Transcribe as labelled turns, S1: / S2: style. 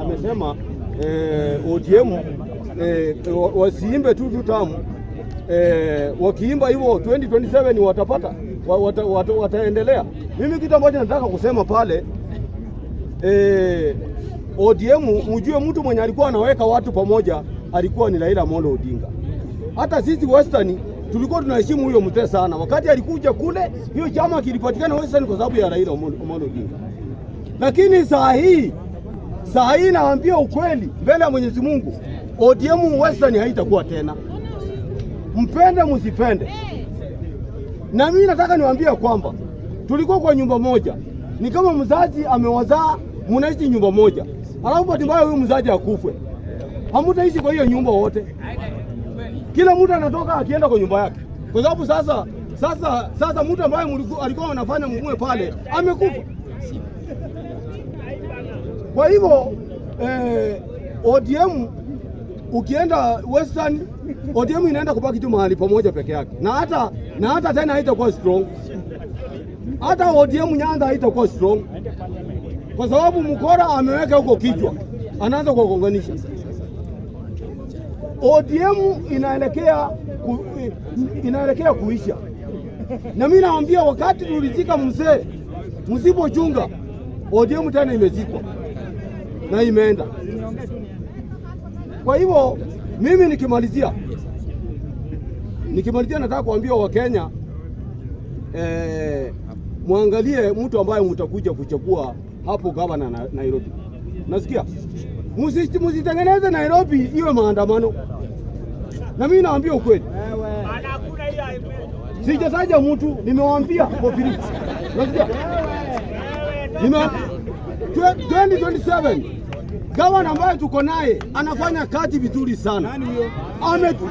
S1: amesema eh, ODM eh, wasiimbe tu tutamu eh, wakiimba hivyo 2027 watapata wata, wata, wataendelea. Mimi kitu ambacho nataka kusema pale eh, ODM mjue, mtu mwenye alikuwa anaweka watu pamoja alikuwa ni Raila Amolo Odinga. Hata sisi Western tulikuwa tunaheshimu huyo mzee sana. Wakati alikuja kule, hiyo chama kilipatikana Western kwa sababu ya Raila Amolo Odinga, lakini saa hii Saa hii nawaambia ukweli mbele ya Mwenyezi Mungu, ODM Western haitakuwa tena, mpende msipende. Na mimi nataka niwaambie kwamba tulikuwa kwa nyumba moja, ni kama mzazi amewazaa, mnaishi nyumba moja, alafu bahati mbaya huyu mzazi akufwe, hamutaishi kwa hiyo nyumba wote. Kila mtu anatoka akienda kwa nyumba yake, kwa sababu sasa sasa sasa mtu ambaye alikuwa anafanya mugume pale amekufa. Kwa hivyo eh, ODM ukienda Western ODM inaenda kubaki tu mahali pamoja peke yake, na hata na hata tena haitakuwa strong, hata ODM Nyanza haitakuwa strong kwa sababu mkora ameweka huko kichwa, anaanza kuwagonganisha. ODM inaelekea ku, inaelekea kuisha, na mimi naambia wakati tulizika mzee, msipochunga ODM tena imezikwa na imeenda. Kwa hivyo mimi nikimalizia, nikimalizia nataka kuambia Wakenya eh, mwangalie mtu ambaye mtakuja kuchagua hapo gavana na Nairobi. Nasikia msitengeneze Nairobi iwe maandamano, na mimi naambia ukweli, sijataja mtu, nimewaambia kwa Filipi, nasikia 2027 gavana ambaye tuko naye anafanya kazi vizuri sana. Nani